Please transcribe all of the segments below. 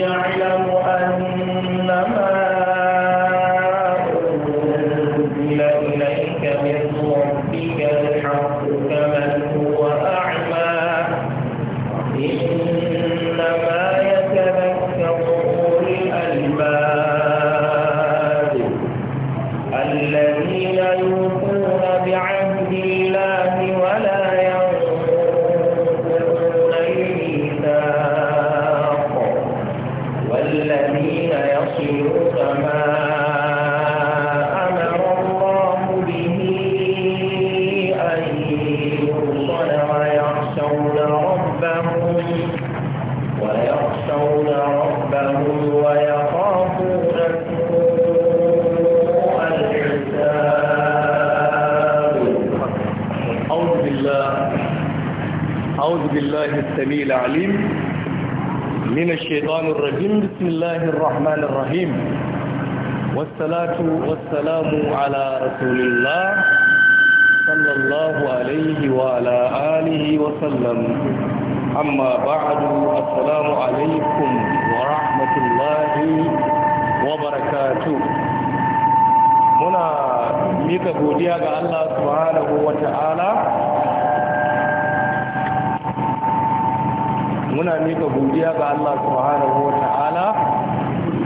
يعلم أنما من الشيطان الرجيم بسم الله الرحمن الرحيم والصلاة والسلام على رسول الله صلى الله عليه وعلى آله وسلم أما بعد السلام عليكم ورحمة الله وبركاته منا ميكا بوديا الله سبحانه وتعالى muna mika godiya ga Allah subhanahu wa ta'ala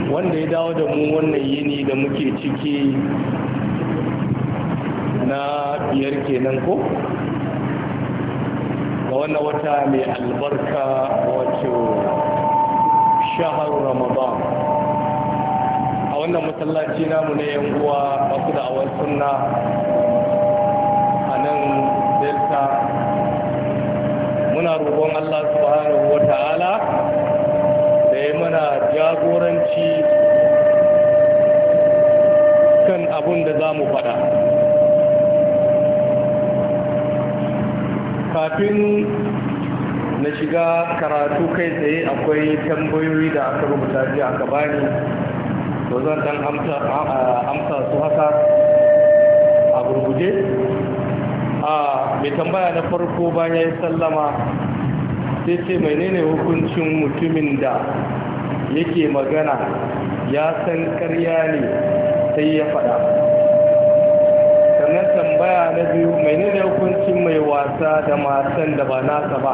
wanda ya dawo da mu wannan yini da muke ciki na biyar kenan ko ga wannan wata mai albarka wato shahar ramadan a wannan masallaci namu na yan uwa masu da'awar sunna Allah subhanahu wa ta'ala da ya mana jagoranci kan abin da za mu faɗa kafin na shiga karatu kai tsaye akwai tambayoyi da aka rubuta ji a bani da zan dan amsa su haka a gurguje a mai tambaya na farko bayan sallama sai ce menene hukuncin mutumin da yake magana ya san karya ne sai ya faɗa sannan tambaya na biyu menene hukuncin mai wasa da matan da ba nasa ba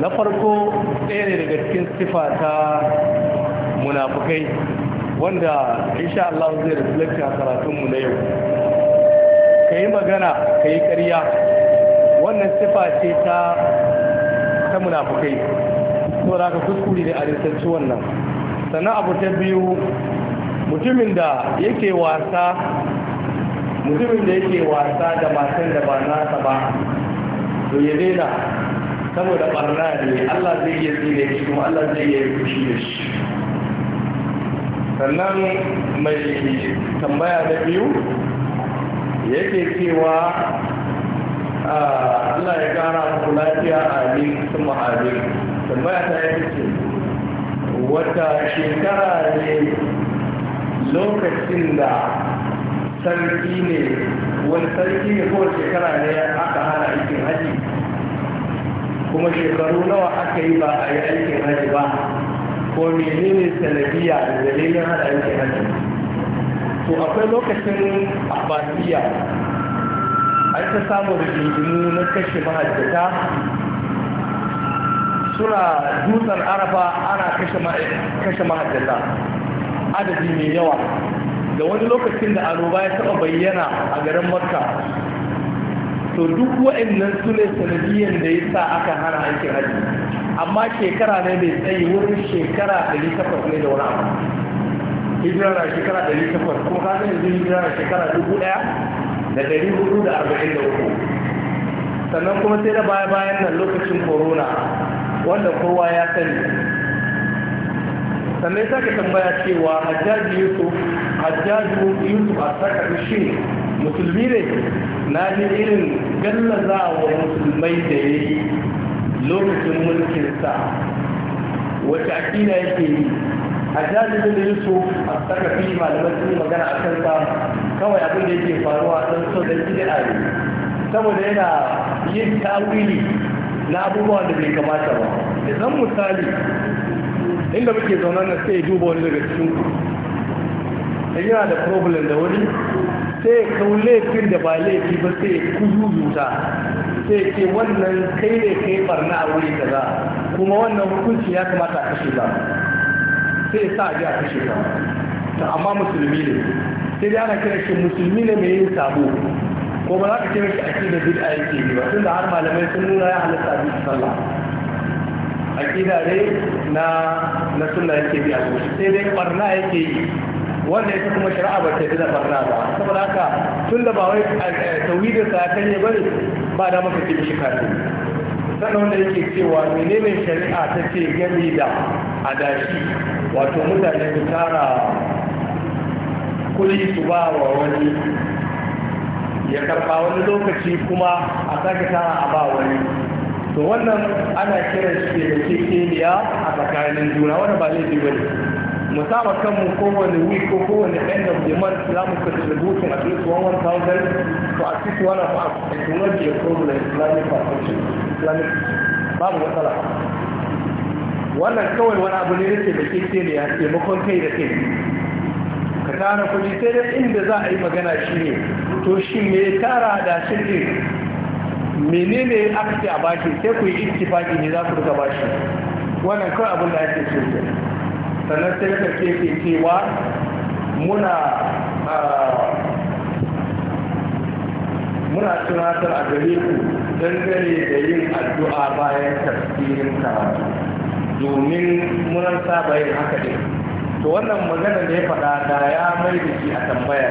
na farko ɗaya ne daga cikin sifa ta munafukai wanda insha Allah zai karatun mu na yau ka magana ka yi ƙarya wannan sifa ce ta ta munafukai da haka kuskure da a wannan sannan abu ta biyu mutumin da yake wasa mutumin da yake wasa da matan da ba nasa ba to ya daina saboda barna ne Allah zai iya tsire shi kuma Allah zai iya fushi da shi sannan mai tambaya na biyu yake cewa Ah, Allah ya kara muku lafiya a ne kuma a ne tambaya ta yi ce wata shekara ne lokacin da sarki ne wani sarki ne ko shekara ne aka hana aikin haji kuma shekaru nawa aka yi ba a yi aikin haji ba ko menene sanadiyya da dalilin hana aikin haji to akwai lokacin abasiya an ta samu rigingimu na kashe mahajjata suna dutsen arafa ana kashe mahajjata adadi mai yawa da wani lokacin da annoba ya taba bayyana a garin makka to duk wa'annan su ne sanadiyyar da ya sa aka hana aikin hajji amma shekara ne mai tsayi wurin shekara 800 ne da wani abu hijira na shekara 800 kuma kasan yanzu hijira na shekara 1000 da ɗari hudu da arba'in da uku sannan kuma sai da baya bayan nan lokacin korona, wanda kowa ya sani sannan sake tambaya cewa hajjaji yusuf hajjaji yusuf a saka shi musulmi ne na ji irin gallaza wa musulmai da ya yi lokacin mulkinsa wacce akida yake yi hajjaji da yusu a fi malaman sun magana a ta kawai abin da yake faruwa don so da da ne saboda yana yin tawili na abubuwa da bai kamata ba idan misali inda muke zaunar na sai duba wani daga cikin da yana da problem da wani sai ya kau laifin da ba laifi ba sai ya kuyuyuta sai ce wannan kai ne kai barna a wuri kaza kuma wannan hukunci ya kamata a kashe ba sai ya sa a ji a kashe ka ta amma musulmi ne sai dai ana kira shi musulmi ne mai yin sabo ko ba za ka kira shi aqida a yake yi ba tunda har malamai sun nuna ya halatta bi sallah aqida ne na na sunna yake bi a sai dai barna yake yi wanda ita kuma shari'a ba ta da barna ba saboda haka tun da ba wai tawhidin sa kan ne bane ba da maka ce shi kafin sannan wanda yake cewa menene shari'a ta ce gami da adashi wato mutane su tara kuli su ba wa wani ya karba wani lokaci kuma a sake tara a ba wani to wannan ana kiran shi da kekeniya a tsakanin juna wani ba laifi ba ne musamman kanmu kowane week ko kowane end of the month za mu contribution at wani 1,000 to a cikin wani ba a tunar da ya problem islamic perfection islamic babu matsala wannan kawai wani abu ne da ke da keke ne a taimakon kai da kai ka tara kuɗi sai da inda za a yi magana shi ne to shi me tara da shi ne menene aka ce a bashi sai ku yi ittifaki ne za ku rika bashi wannan kawai abin da ake ce sannan sai ka ke cewa muna muna tunatar a gare ku dangane da yin addu'a bayan tafsirin karatu domin munan saba yin haka ne to wannan magana da ya faɗa da ya mai da shi a tambaya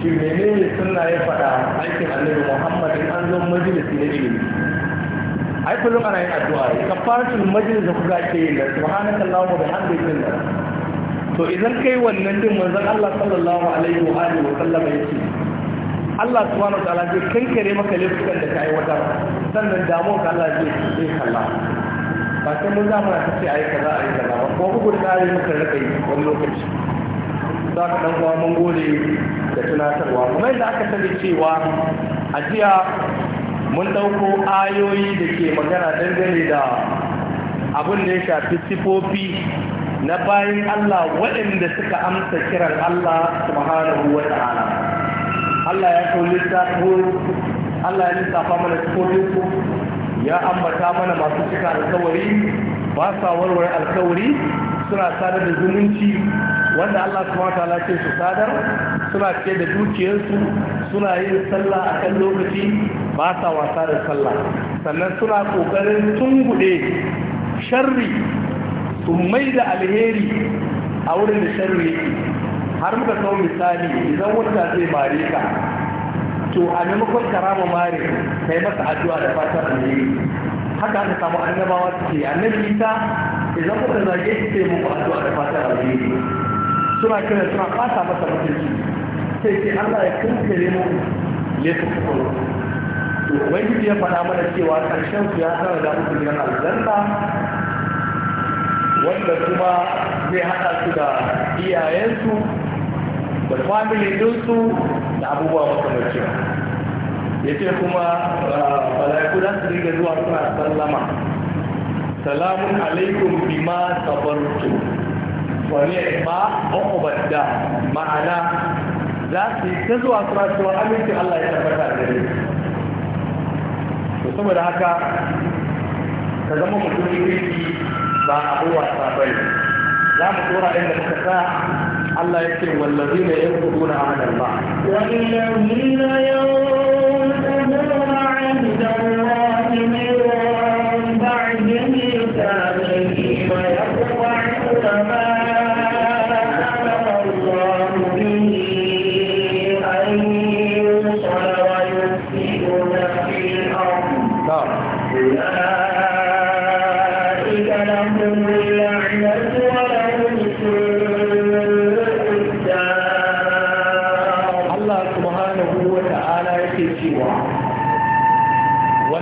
shi menene suna ya faɗa aikin annabi muhammad in an zo majalisi na ilimi ai kullum ana yin addu'a ne kafaratul majlis da kuka ke yin da subhanaka allahumma bihamdika to idan kai wannan din manzon Allah sallallahu alaihi wa alihi wa sallam ce Allah subhanahu wa ta'ala zai kankare maka laifukan da ka aiwatar sannan damuwa ka Allah zai kalla ba sai mun za ta ce a kaza ai kaza ba ko bugu da kare mu rika yi wani lokaci za ka dan kuwa mun gode da tunatarwa kuma yadda aka sani cewa a jiya mun ɗauko ayoyi da ke magana dangane da abin da ya shafi sifofi na bayan Allah waɗanda suka amsa kiran Allah subhanahu wa ta'ala Allah ya kawo littafin Allah ya lissafa mana sifofin ya ambata mana masu cika alkawari ba sa warware alkawari suna sadar da zumunci wanda Allah subhanahu wataala lafi su sadar suna ce da dukiyarsu suna yin sallah a kan lokaci ba sa wasa da sallah sannan suna kokarin tungude sharri su mai da alheri a wurin da sharri har muka kawo misali idan wanda zai bare ka to a maimakon karama mare ta yi masa addu'a da fatar alheri haka aka samu annabawa suke annabi isa idan kuka zage shi sai muku addu'a da fatar alheri suna kira suna fata masa mutunci sai sai Allah ya kankare mu laifukan to ubangiji ya faɗa mana cewa ƙarshen su ya sanar da mutum yana aljanna wanda kuma zai haɗa su da iyayensu da familin dinsu da abubuwa makamancin ya ce kuma ah, mala'iku za su riga zuwa suna sallama salamun alaikum bima sabartu wa ne ba uqbadda ma'ana za su yi ta zuwa suna cewa aminci Allah ya tabbata da ne su saboda haka ka zama mutumin kirki ba abu wasa bane za mu tsora inda muka sa Allah ya ce wallazina yanquduna ahdan ba Wa wallazina yanquduna Allah subhanahu wa ta'ala yake cewa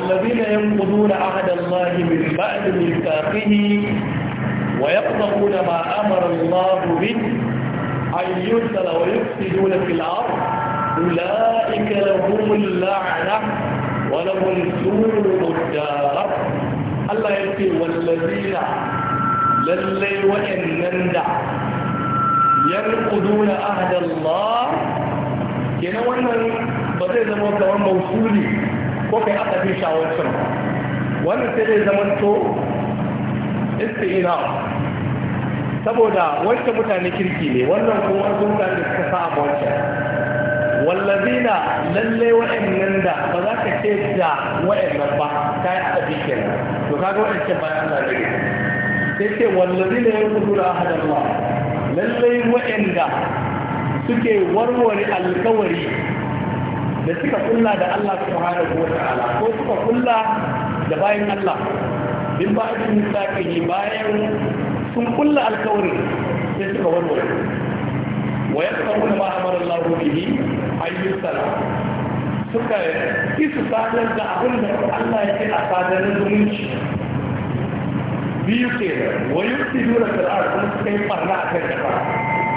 الذين ينقضون عهد الله من بعد ميثاقه ويقضون ما أمر الله به أن يرسل ويفسدون في الأرض أولئك لهم اللعنة ولهم سوء الدار الله يقول والذين للي وإن نندع ينقضون عهد الله كنا وانا زمان موصولي ko kai aka fi shawarcin wannan sai zai zama to ina saboda wacce mutane kirki ne wannan kuma sun ka da suka sa a wacce wallazina lalle wa'annan da ba za ka ce da wa'annan ba ta yi aka fi kenan to kaga wa'ancan bayan Allah ne sai ce wallazina yanquduna ahadallah lalle da suke warware alkawari da suka kulla da Allah subhanahu wa ta'ala ko suka kulla da bayan Allah bin ba a cikin sakihi bayan sun kulla alkawari sai suka warware wa yasqawna ma amara Allah bihi ayyusala suka yi su sadar da abin da Allah ya ce a sadarin zumunci biyu ke wa yusidu da fir'ar kuma suka yi farna a kan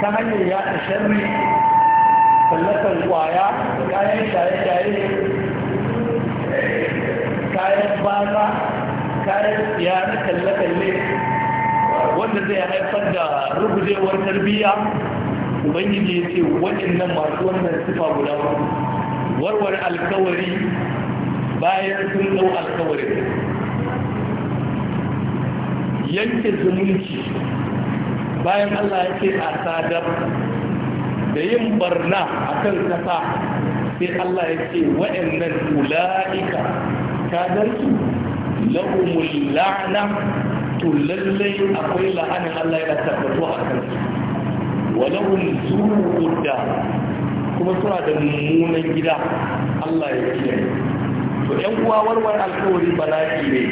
ta hanyar yaɗa sharri mallakar kwaya kayan shaye-shaye kayan baza kayan siya na kalle-kalle wanda zai haifar da rugujewar tarbiyya ubangiji ya ce waɗannan masu wannan sifa guda warware alkawari bayan sun zau alkawari yanke zumunci bayan allah ya ce a sadar da yin barna a kan kasa sai Allah ya ce wa'annan ula'ika ta gansu lahumul la'ana to lallai akwai la'anin Allah ya tabbatu a Wa walahum su'ud da kuma suna da mummunan gida Allah ya kiyaye to ƴan uwa warwar alkawari bala'i ne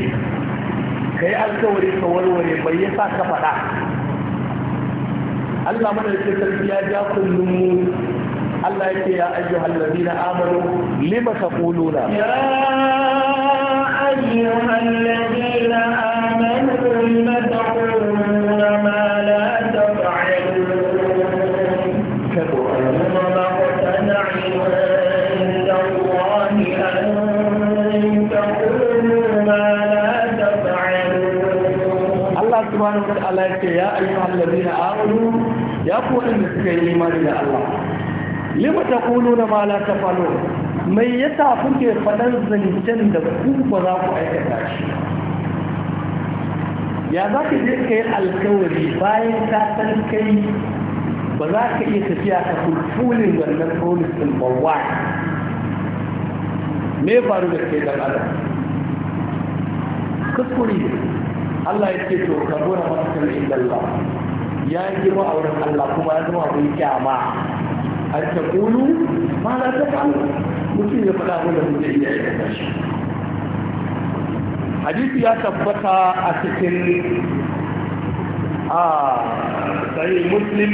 kai alkawari ka warware bai yasa ka faɗa الله من يتسلسل يا كل نمون الله يكي يا أيها الذين آمنوا لما تقولون يا أيها الذين آمنوا لما تقولون ما waɗanda suka yi imani da Allah lima ta kulu na ma la falo, mai yasa kuke faɗan zancen da ku ba za ku aikata shi ya za ka je yi alkawari bayan ka san kai ba za ka iya tafiya ka fulfulin wannan promisin ba wa me faru da kai dan adam kuskure Allah ya ce to kabura kan inda Allah ya girma a wurin Allah kuma ya zama abin kyama a ta kulu ma na ta kulu mutum ya faɗa abin da mutum iya yi da shi hadisi ya tabbata a cikin a sahih muslim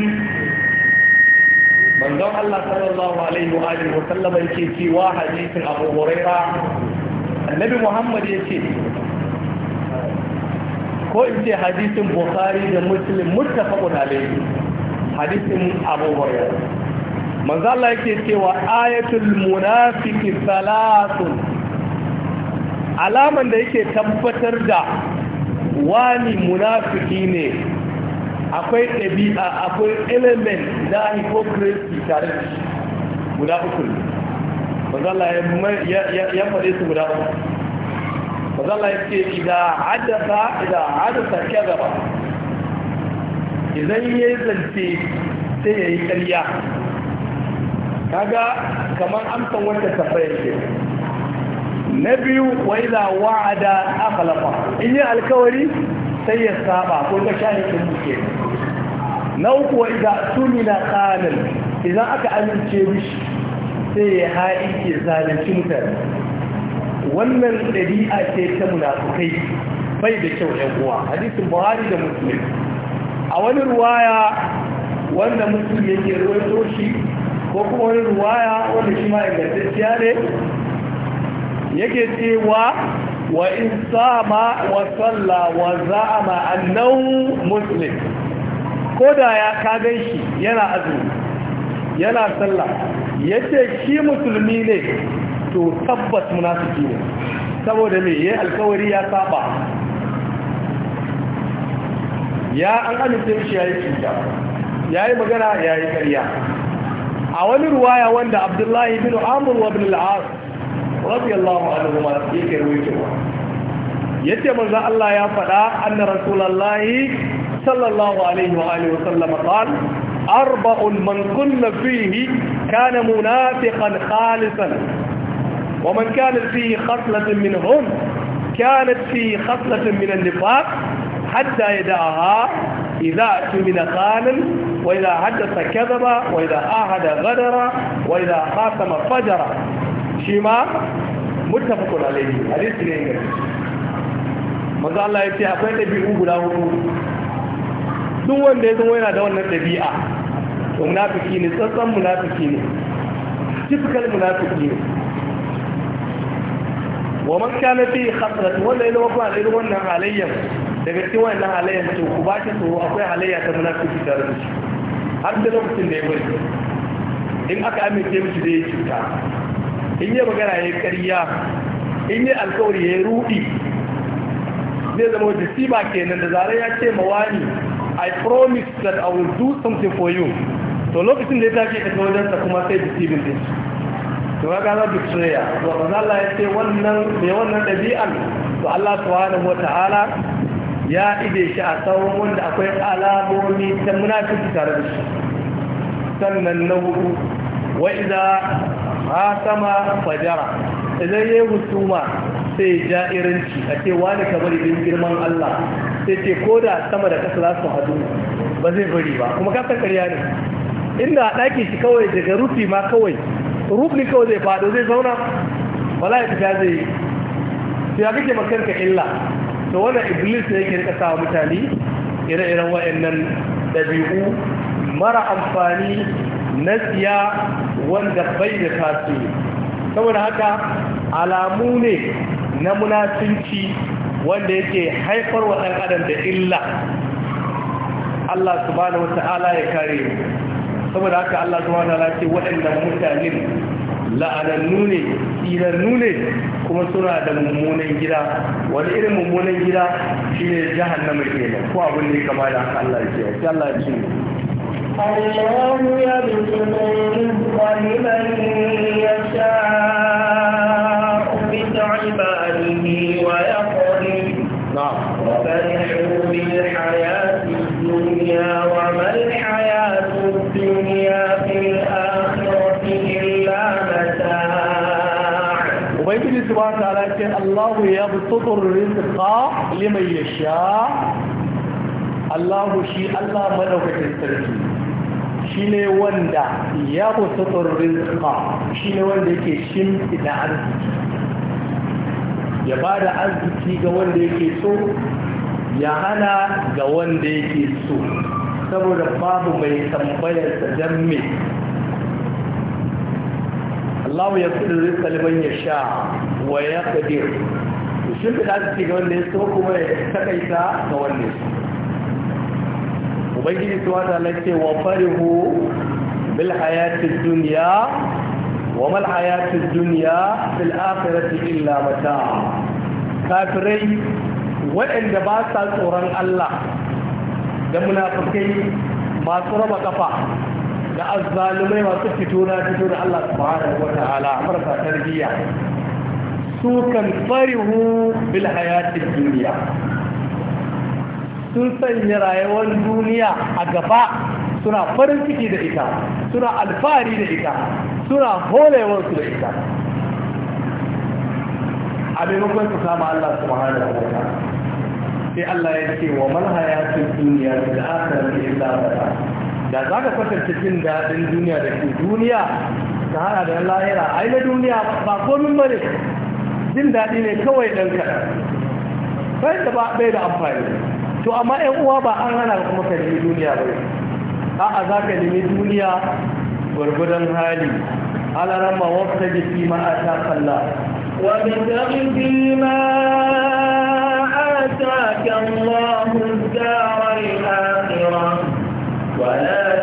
manzon Allah sallallahu alaihi wa alihi wa sallama yake cewa hadisin Abu Hurairah annabi Muhammad yake ko in ce hadisin bukari da muslim muttafaqun alayhi hadisin abu hurairah manzo Allah yake cewa ayatul munafiki salatun alaman da yake tabbatar da wani munafiki ne akwai ɗabi'a akwai element na hypocrisy tare da shi guda uku ne manzo ya faɗe su guda uku zama ya ce idan haddasa idan ke gaba. idan ya yi zance sai ya yi karya kaga kamar amsan wata tafayar ce na biyu wa da wa'ada akhlafa in yi alkawari sai ya saba ko ga shahikin muke na uku wa iza tumina qalan idan aka amince mishi sai ya haɗi ke zalunci mutane wannan ɗabi'a ce ta munafukai bai da kyau ɗan uwa hadisin buhari da muslim a wani ruwaya wanda muslim yake ruwaito shi ko kuma wani ruwaya wanda shi ma ingantacciya ne yake cewa wa in sama wa salla wa za'ama annahu muslim ko da ya ka gan shi yana azumi yana sallah yace shi musulmi ne to tabbas munafiki ne saboda me yayi alkawari ya saba ya an amince shi yayi cuta yayi magana yayi ƙarya a wani ruwaya wanda Abdullahi bin Amr wa ibn al-As radiyallahu anhu ma yake rawaitowa yace manzo Allah ya faɗa anna rasulullahi sallallahu alaihi wa alihi wa sallam qala أربع من كن فيه كان منافقا خالصا ومن كانت فيه خصلة منهم كانت فيه خصلة من النفاق حتى يدعها إذا اؤتمن خانا وإذا حدث كذب وإذا آهد غدر وإذا خاتم فجر شيما متفق عليه حديث لينجل maza Allah ya ce akwai ɗabi'u guda hudu duk wanda ya zama yana da wannan ɗabi'a to munafiki ne tsantsan munafiki ne typical munafiki ne wa man kana fi khasrat wanda yana wafa da irin wannan halayyan daga cikin wannan halayyan to ku ba shi tsoro akwai halayya ta munafiki da shi har da lokacin da ya bari in aka amince miki da ya cuta in yi magana ya ƙarya in yi alkawari ya rudi zai zama wata siba kenan da zarar ya ce mawani i promise that i will do something for you to lokacin da ya tashi ka sa kuma sai disibin din shi to ga ga bitraya to manzo Allah ya ce wannan mai wannan dabi'an to Allah subhanahu wataala ya ide shi a tsawon wanda akwai alamomi ta munafiki tare da shi sannan na hudu wa idza hatama fajara idan yayi husuma sai ja'iranci a ce wani kamar girman Allah sai ce ko da sama da kasa za su hadu ba zai bari ba kuma kasan ƙarya ne inda ɗaki shi kawai daga rufi ma kawai Rufin kawai zai fado zai zauna wala ya fita zai yi ya kake makarka illa to wannan iblis ne yake rika sawa mutane ire-iren wa'annan ɗabi'u mara amfani na tsiya wanda bai da tasiri saboda haka alamu ne na munafinci wanda yake haifar wa ɗan adam da illa Allah subhanahu wa ta'ala ya kare mu saboda haka Allah subhanahu wa ta'ala ce waɗannan mutanen la'anannu ne tsinannu ne kuma suna da mummunan gida wani irin mummunan gida shine jahannama nan ko abin da ya kama da haka Allah ya ce sai Allah ya ce الله يبسط الرزق لمن يشاء بعباده ويقدر نعم وفرحوا بالحياة الدنيا الدنيا في الآخرة إلا متاع وبيجي سبحانه وتعالى الله يبسط الرزق لمن يشاء الله شيء الله ملوكة التركي shi ne wanda ya kusa tsorin ka. shi ne wanda yake shimfiɗa arziki ya ba da arziki ga wanda yake so ya hana ga wanda yake so saboda babu mai tambayar da dan me Allah ya kudu rizqa ya sha. wa yaqdir shin da zai ci ga wanda ya so kuma ya takaita ga wanda ya so ubangiji subhanahu wa ta'ala ce wa farihu bil hayati duniya wa mal hayati duniya. fil akhirati illa mata kafirai waɗanda ba sa tsoron Allah da munafikai masu raba kafa da azzalumai masu fito na fito da Allah subhanahu wa ta'ala marasa tarbiyya su kan farihu bil hayatin duniya sun sanya rayuwar duniya a gaba suna farin ciki da ita suna alfahari da ita suna holewarsu da ita a maimakon su kama Allah subhanahu wa sai Allah ya ce wa mal hayatul duniya bil akhirati illa mata da za ka kwatanta jin daɗin duniya da ke duniya ta hada da lahira ai na duniya ba komin bane jin daɗi ne kawai dan ka. Kai da ba bai da amfani to amma ƴan uwa ba an hana kuma ka nemi duniya ba a'a za ka nemi duniya gwargwadon hali alaran ma wata jiki ma a ta kalla wa bi ma آتاك الله الدار الآخرة ولا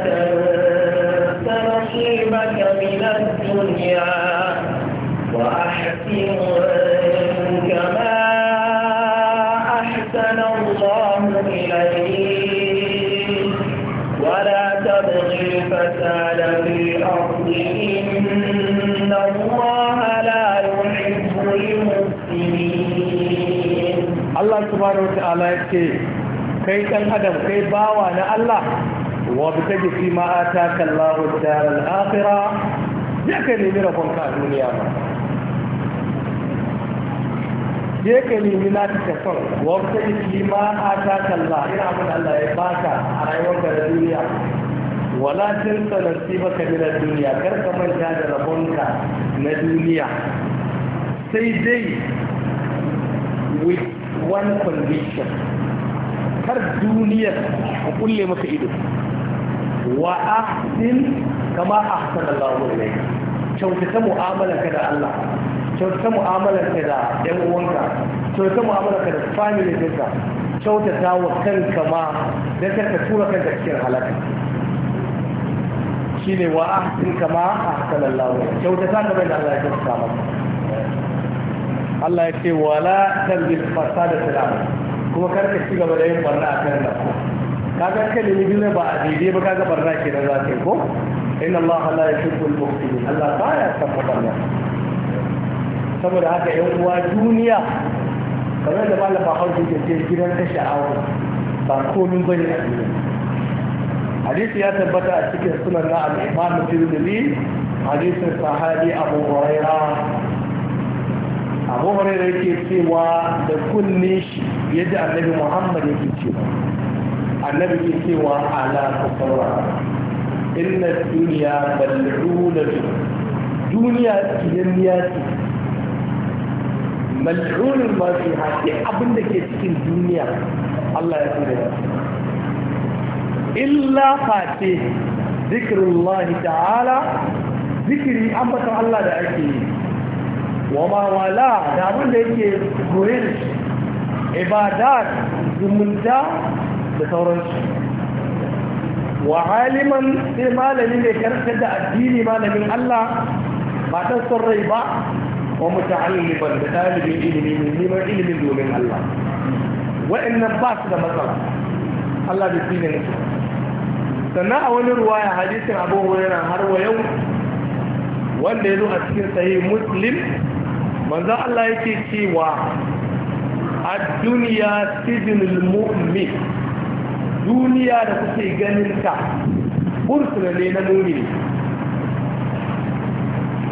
subhanahu wa ta'ala yake kai dan adam kai bawa na Allah wa bi taji fi ma ataka Allahu daral akhirah je ka nemi rabon ka a duniya ma je ka nemi na ta son wa bi taji fi ma ataka Allah ina abin Allah ya baka a rayuwarka da duniya wala tinsa nasibaka min ad-dunya kar ka manta da rabonka na duniya sai dai with one condition kar duniyar a kulle masa ido wa ahsin kama ahsan Allahu ilayka kyautata mu'amalarka da Allah kyautata mu'amalarka da ɗan uwanka kyautata mu'amalarka da family ɗinka kyautata wa kanka ma dan karka tura kanka cikin halaka shine wa ahsin kama ahsan Allahu ilayka kyautata kamar da Allah ya kyautata maka Allah ya ce wala talbis fasada salam kuma kar ka ci gaba da yin barna akan nan kaga kalimi biyu ba a daidai ba kaga barna ke da za ta yi ko inna Allah la yuhibbu al-muqsitin Allah ba ya san barna saboda haka yan uwa duniya kamar da malam ba hausa ke ce gidan ta sha'awa ba komin bane a duniya hadisi ya tabbata a cikin sunan na al-imam tirmidhi hadisin sahabi abu hurairah abu huraira yake cewa da kunne shi yadda annabi muhammad yake cewa annabi ke cewa ala ku saurara inna duniya bal'una duniya kiyayya ce mal'unin ma fi haƙi abin da ke cikin duniya Allah ya fi da illa face zikirullahi ta'ala zikiri ambatan Allah da ake yi wa ma wala da abinda yake goye da shi ibadat zumunta da sauransu wa haliman sai malami ne karkar da addini malamin Allah ba ta son rai ba wa muta'alliman da ɗalibin ilimi mai neman ilimin domin Allah wa'annan ba su da matsala Allah da tsinin su sannan a wani ya hadisin abubuwa yana har wa yau wanda ya zo a cikin sahih muslim manzo Allah yake cewa ad-dunya sijnul mu'min duniya da kuke ganin ta bursuna ne na mu'mini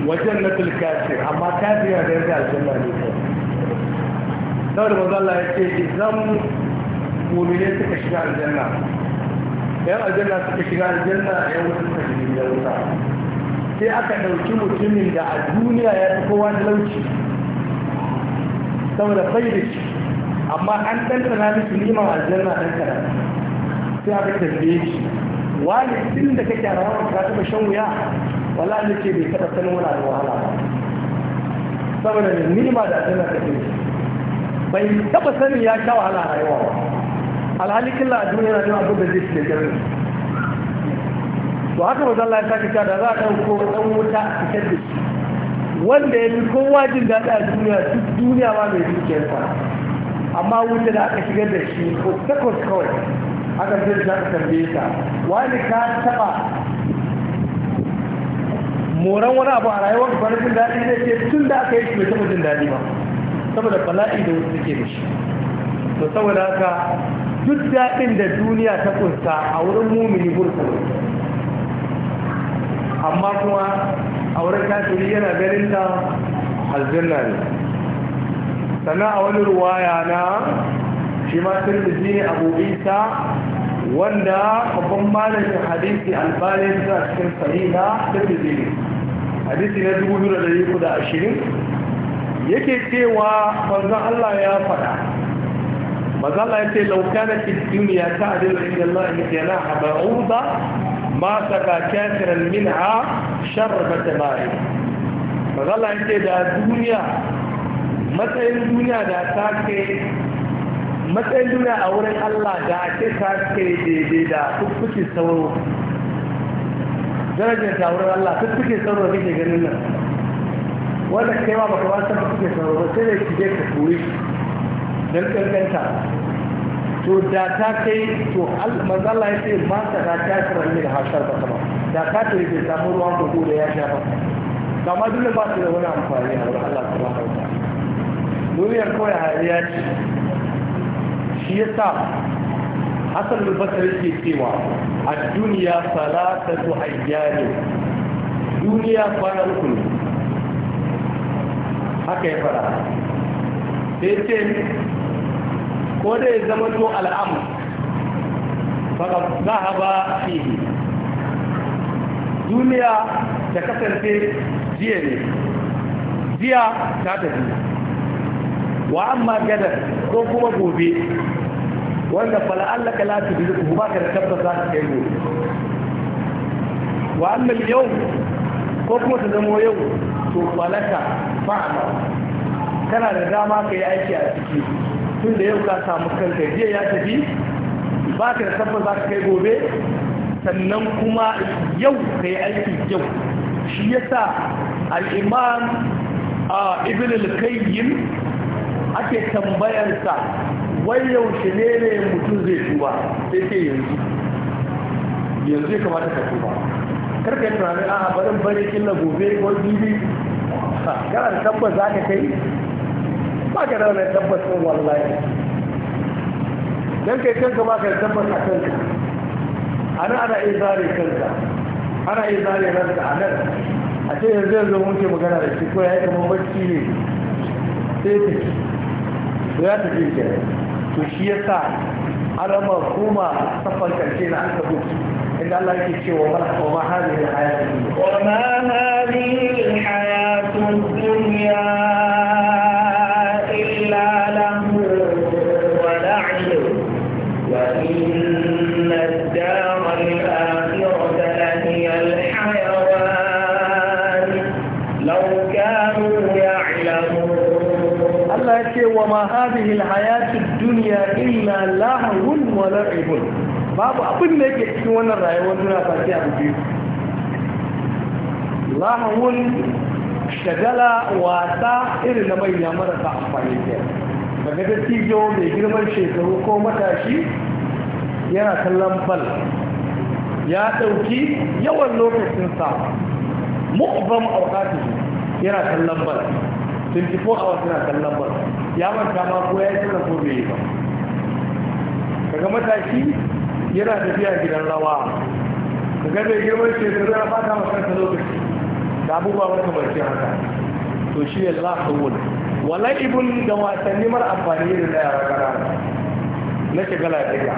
wajen na kafir amma kafira da yadda aljanna ne saboda manzo Allah yake idan mu'mini suka shiga aljanna yan aljanna suka shiga aljanna yan wasu suka shiga wuta sai aka ɗauki mutumin da a duniya ya fi kowa talauci saboda bai da amma an ɗanɗana miki a aljanna ɗan kana sai aka tambaye shi wani tun da kake a rawar ka taɓa shan wuya wala ne ce bai taɓa sanin wani da wahala ba saboda ne nima da aljanna ta ɗin bai taɓa sanin ya sha wahala a rayuwa ba alhalikin la a duniya na nuna abin da zai ce da to haka ba zan lafiya ka da za a ko ɗan wuta fitar da shi wanda ya fi kowa jin daɗi a duniya duk duniya ma mai dukiyarsa amma wuce da aka shigar da shi ko takwas kawai aka zai za ka tambaye ta wani ka taɓa moran wani abu a rayuwar ka jin daɗi zai ce tun da aka yi shi mai taɓa jin daɗi ba saboda bala'i da wasu suke da shi to saboda haka duk daɗin da duniya ta kunsa a wurin mumini gurkuru amma kuma auren kafiri yana ganin ta aljanna ne sannan a wani ruwaya na shi ma tirmidhi ne abu isa wanda babban malamin hadisi albanin sa cikin sahiha tirmidhi ne hadisi na dubu biyu da dari uku da ashirin yake cewa manzon Allah ya faɗa manzon Allah ya ce laukana fi duniya ta adil inda Allah ya ce na habauda ma saka kafiran minha sharbata mai magana yake da duniya matsayin duniya da ta ke matsayin duniya a wurin Allah da ake ta ke daidai da kukkuki sauro darajar ta wurin Allah kukkuki sauro da kake ganin nan wanda kai ma baka ba san kukkuki sauro ba sai da kije ka koyi don kankanta to da ta kai to Allah ya ce ba ta da ta kira ne da hasar ba sama da ta kai bai samu ruwan kogo da ya sha ba kama dole ba su da wani amfani a wurin Allah ta baka wuta duniyar kawai hariya ce shi ya sa hasan basari ke cewa a duniya salatatu ayyani duniya kwana uku haka ya fara sai ce ko da ya zama to al'amur za a ba fiye duniya ta kasance jiya ne jiya ta tafi wa amma gadar ko kuma gobe wanda fala'allaka la ta bizu ku ba ka da tabbata ka kai gobe wa amma yau ko kuma ta zama yau to falaka fa'ala kana da dama ka yi aiki a ciki tun da yau ka samu kanta jiya ya tafi ba ka da tabbas za ka kai gobe sannan kuma yau ka yi aiki yau shi ya sa al'imam a ibn al-kayyim ake tambayarsa wai yaushe ne ne mutum zai tuba sai ke yanzu yanzu ya kamata ka tuba karka tunanin a barin bari killa gobe ko jibi kana da tabbas za ka kai ba ka da wannan tabbacin wallahi don kai kanka ba ka tabbata a kanka ana ana iya zare kanka ana iya zare ranka a nan a ce yanzu yanzu mun ke magana da shi ko ya yi kamar bacci ne sai ta ya tafi ke to shi ya sa alama kuma safar karshe na aka gudu إن الله يكتشف وما هذه الحياة الدنيا وما هذه الحياة الدنيا هذه الحياة الدنيا إلا لهو ولعب babu abin da yake cikin wannan rayuwar duniya fasi abu biyu lahawun shagala wasa irin na manya marasa amfani biyar daga dattijo mai girman shekaru ko matashi yana kallon bal ya ɗauki yawan lokacinsa mu'bam a wakati yana kallon bal 24 hours yana kallon bal ya manta ma ko ya yi ko bai ba kaga mataki yana tafiya gidan rawa kaga bai girman shekaru ya fata ma kanta lokaci da abubuwa makamancin haka to shi ya za ka wula wala ibun da wasanni mara amfani da na yara ƙanana na shigala ɗaya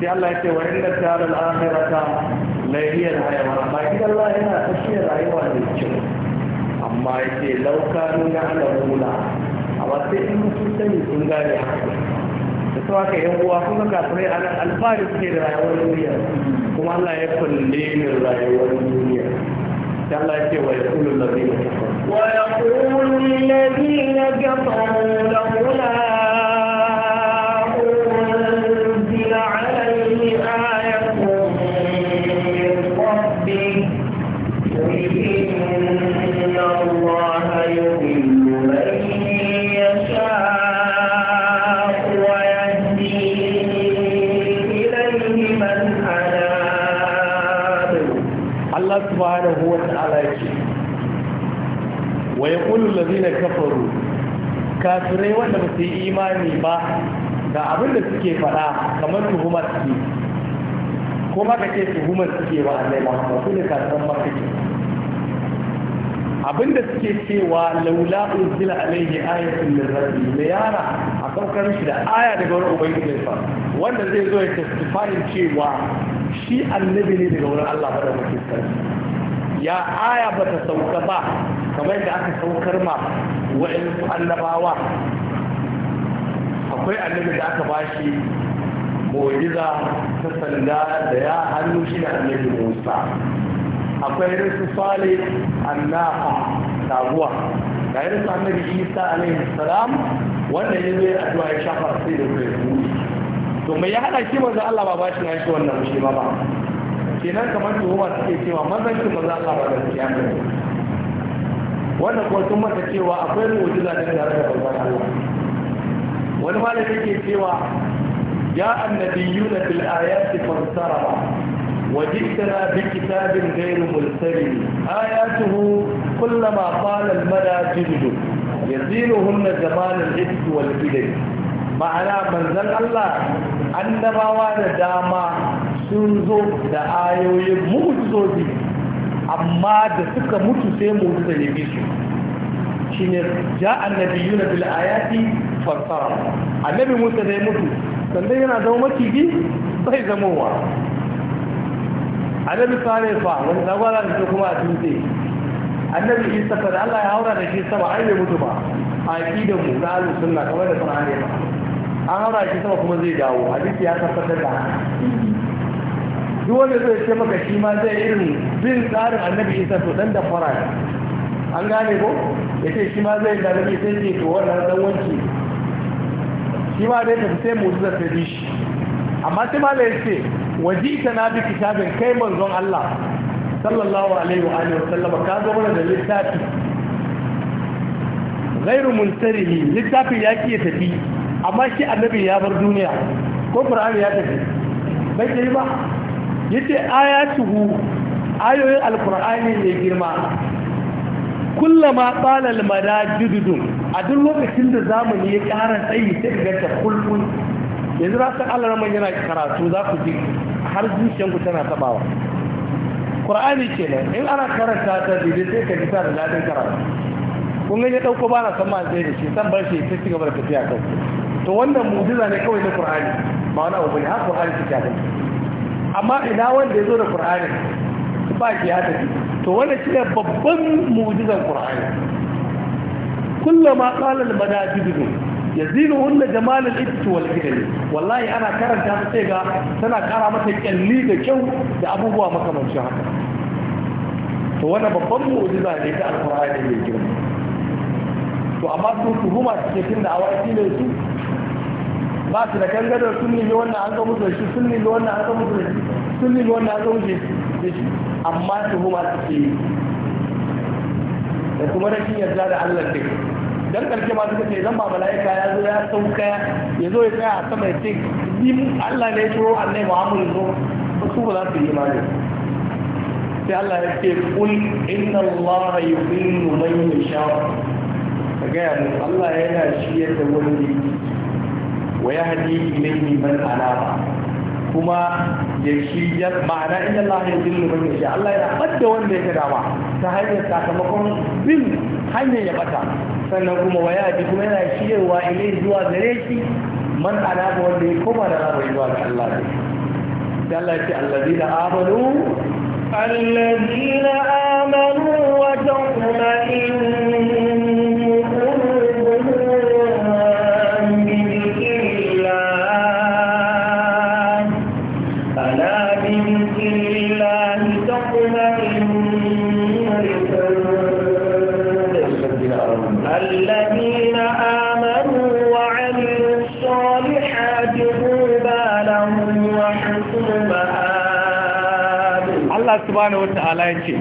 sai Allah ya ce wa inda tare al'akhirata lahiyar rayuwa? ba gidan Allah yana tafiya rayuwa da kyau amma yake lauka nuna ala mula amma sai in sun sani sun gane da su haka yan uwa kuma kafirai a nan alfahari suke da rayuwar duniya kuma Allah ya kulle min rayuwar duniya ta Allah ya ce wa yaqulu allazina kafaru wa yaqulu allazina kafaru laula kafirai wanda ba su yi imani ba ga abin da suke faɗa kamar tuhumar su ko ka ce tuhumar suke wa Allah ba ba su ne kafiran maka abin da suke cewa laula unzila alaihi ayatun min rabbi da yara a saukar shi da aya daga wurin ubangiji sa wanda zai zo ya testify cewa shi annabi ne daga wurin Allah bada mutunta ya aya ba ta sauka ba kamar da aka saukar ma wa'in annabawa akwai annabi da aka bashi mu'jiza ta sanda da ya hannu shi da annabi musa akwai irin su fale annaha taguwa ga irin su annabi isa alaihi salam wanda ya zai addu'a ya shafa sai da kai to mai ya hana shi manzo Allah ba bashi na shi wannan shi ba ba kenan kamar tuhuma suke cewa mazan shi manzo Allah ba gaskiya yi. wanda kuma sun cewa akwai mu wujuda da ke harkar babbar Allah wani malami da take cewa ya annabi yuna bil ayati fansara wa jitana bi kitabin ghayri mulsari ayatuhu kullama qala al madajidu yazinuhunna zaman al ibti wal ilay ma'ana manzan Allah annabawa da dama sun zo da ayoyin mu'jizoji amma da suka mutu sai mu da shi, shi ne ja annabiyuna bil ayati fassara annabi Musa da ya mutu sannan yana zama maciji bai zamowa annabi sare fa wani zagwara da su kuma a tunse annabi isa fa da Allah ya haura da shi sama ai ne mutu ba a aqidan mu na ahlus sunna kamar da qur'ani ba an haura shi sama kuma zai dawo hadisi ya tabbatar da duk wanda zai ce maka shi ma zai irin bin tsarin annabi isa to dan da fara an gane ko ya ce shi ma zai da annabi sai ce to wannan dan wanki shi ma dai tafi sai mu'jiza ta bi shi amma sai ma da yace wajita na bi kitabin kai manzon Allah sallallahu alaihi wa alihi wa sallama ka zo mana da littafi ghairu munsarihi littafin ya ki tafi amma shi annabi ya bar duniya ko qur'ani ya tafi bai yi ba yace ayatuhu ayoyin alqur'ani ne girma kullama qala almadajidun a duk lokacin da zamani ya ƙara tsayi sai ga ta kulkul yanzu za san Allah ramon yana karatu za ku ji har ku tana tabawa qur'ani kenan in ana karanta ta daidai sai ka ji ta da ladin karatu kun ga ya dauko ba na san ma sai da shi san bar shi sai cigaba da tafiya kan to wannan mu'jiza ne kawai na qur'ani ba wani abu ne har qur'ani take a amma ina wanda ya zo da ƙur'ani ba shi ya tafi to wannan shi ne babban mu'jizan ƙur'ani kullama qala al-madajidu yazilu hunna jamal al-ibti wal hidal wallahi ana karanta ta sai ga tana kara mata kyalli da kyau da abubuwa makamancin haka to wannan babban mu'jiza ne ta al-qur'ani ne girma to amma su tuhuma cikin da awaki ne su ba su da kangadar sun nemi wannan an ga musu da shi sun nemi wannan an ga musu da shi sun nemi wannan an ga musu da shi amma su huma su ke yi da kuma rashin yarda da Allah duk dan karshe ma suka ce zan ba mala'ika ya zo ya sauka ya zo ya tsaya a sama ya ce ni Allah ne ya turo annabi Muhammad zo su ba za su yi imani sai Allah ya ce kul inna Allah yuqinu man yasha ka ga mu Allah yana shiyar da wanda yake wa yahdi ilayhi man anaba kuma ya shi ya ma'ana inna Allah ya dillu man yasha Allah yana bada wanda ya dama ta hanyar sakamakon bin hanyar ya bata sannan kuma wa kuma yana shirwa ilayhi zuwa gare shi man anaba wanda ya koma da rabu zuwa ga Allah ne da Allah ya ce allazina amanu الذين آمنوا وتطمئن subhanahu wata'ala ya ce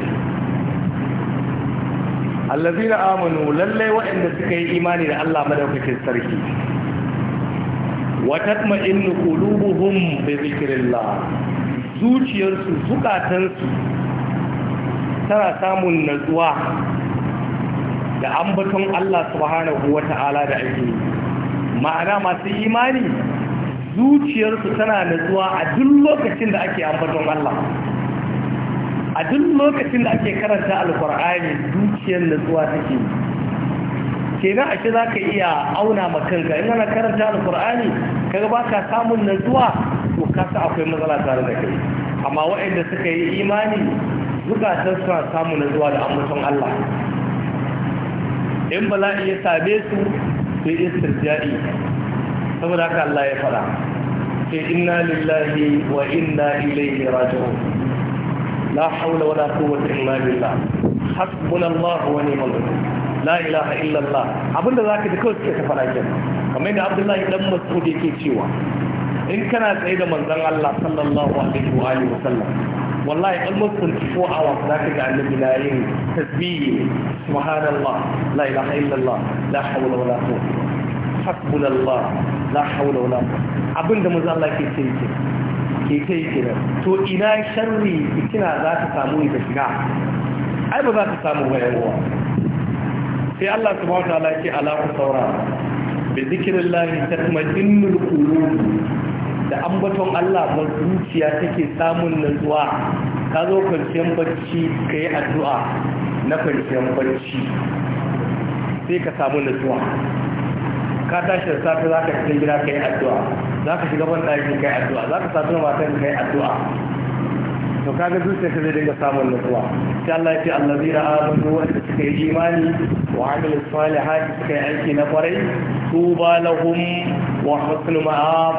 allazina amanu lallai waɗanda suka yi imani da Allah madaukakin sarki wa tatma'innu qulubuhum bi zikrillah zuciyarsu zukatansu tana samun natsuwa da ambaton Allah subhanahu wata'ala da ake ma'ana masu imani zuciyarsu tana natsuwa a duk lokacin da ake ambaton Allah a duk lokacin da ake karanta alkur'ani zuciyar nutsuwa take kenan a ce za ka iya auna ma kanka in ana karanta alkur'ani kaga ba ka samun nutsuwa to ka sa akwai matsala tare da kai amma waɗanda suka yi imani zukatan suna samun nutsuwa da ambaton Allah in bala'i ya same su sai istirja'i saboda haka Allah ya faɗa sai inna lillahi wa inna ilaihi raji'un لا حول ولا قوه الا بالله حسبنا الله ونعم الوكيل لا اله الا الله ابن ذاك ذكر كيف فرجنا kamar da Abdullah ibn Mas'ud yake cewa in kana tsaye da manzon Allah sallallahu alaihi wa alihi wasallam wallahi almost 24 hours da kake annabi la yin tasbihi subhanallah la ilaha illallah la hawla wala quwwata illa billah la hawla wala quwwata abinda manzon ke yake cewa ke kai kenan to ina sharri fitina za ta samu ita shiga ai ba za ta samu ba yawa sai Allah subhanahu wataala yake ala ku saura bi zikrillahi tatma'innul qulub da ambaton Allah ba zuciya take samun nutsuwa ka zo kwanciyar bacci kai addu'a na kwanciyar bacci sai ka samu nutsuwa ka tashi da safe za ka cikin gida ka yi addu'a za ka shiga banɗaki kai addu'a za ka sadu matan kai addu'a to kaga zuciya ta zai dinga samun nutsuwa sai Allah ya ce allazina amanu wanda suka yi imani wa amilu salihati suka yi aiki na kwarai tuba lahum wa husnu ma'ab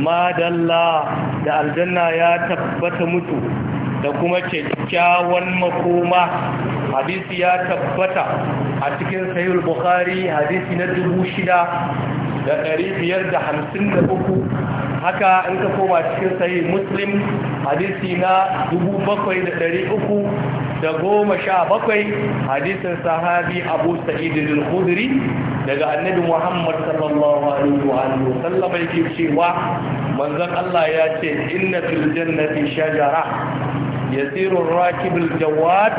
ma da aljanna ya tabbata mutu da kuma kyakkyawan makoma hadisi ya tabbata a cikin sahih bukhari hadisi na dubu shida da ɗari biyar da hamsin da uku haka in ka koma cikin sahi muslim hadisi na dubu bakwai da ɗari uku da goma sha bakwai hadisin sahabi abu Sa'idu al-khudri daga annabi muhammad sallallahu alaihi wa alihi wasallam yake cewa manzon Allah ya ce inna fil jannati shajara yasiru ar-rakib al-jawad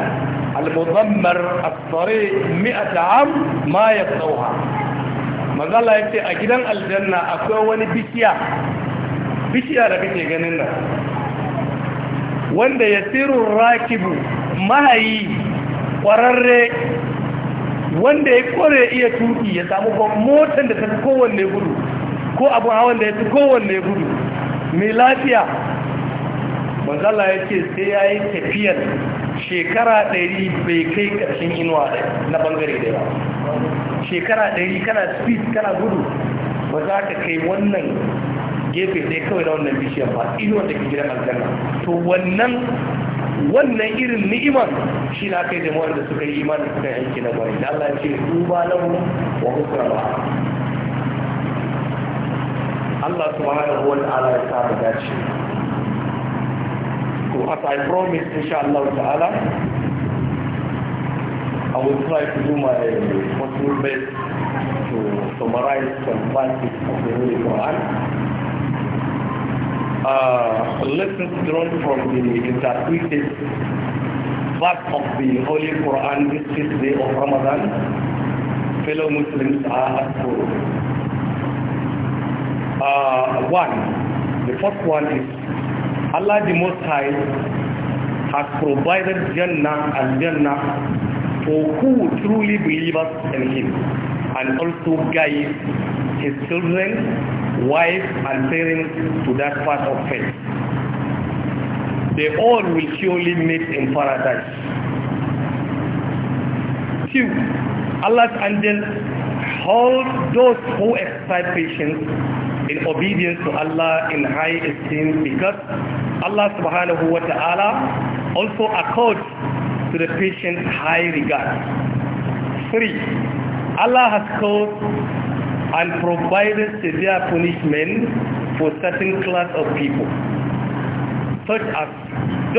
al-mudammar as-tariq 100 am ma yaqtawha mazala ya ce a gidan aljanna akwai wani bishiya bishiya da kake ganin nan wanda ya tsirin rakibu mahayi kwararre, wanda ya kore iya tuki ya samu motar da ta fi kowanne gudu ko abu hawan da ya fi kowanne gudu mai lafiya mazala ya ce sai ya yi tafiyar shekara ɗari bai kai ƙarshen inuwa na bangare da yawa shekara ɗari kana speed kana gudu ba za ka kai wannan gefe ɗaya kawai na wannan bishiyar ba ido da gidan aljanna to wannan wannan irin ni'imar shi na kai da da suka yi imanin suka aiki na gwari. da Allah ya ce duba mu wa husna ba Allah subhanahu wa ta'ala ya sa mu dace to as i insha Allah ta'ala I will try to do my possible best to summarize some verses of the Holy Quran. Uh, lessons drawn from the interpreted part of the Holy Quran this fifth day of Ramadan, fellow Muslims are as follows. Uh, one, the first one is Allah the Most High has provided Jannah and Jannah for who truly believes in him and also guide his children, wives and parents to that part of faith. They all will surely meet in paradise. Two, Allah's angels hold those who exercise patience in obedience to Allah in high esteem because Allah subhanahu wa ta'ala also accords to the patient's high regard. Three, Allah has caused and provided severe punishment for certain class of people, such as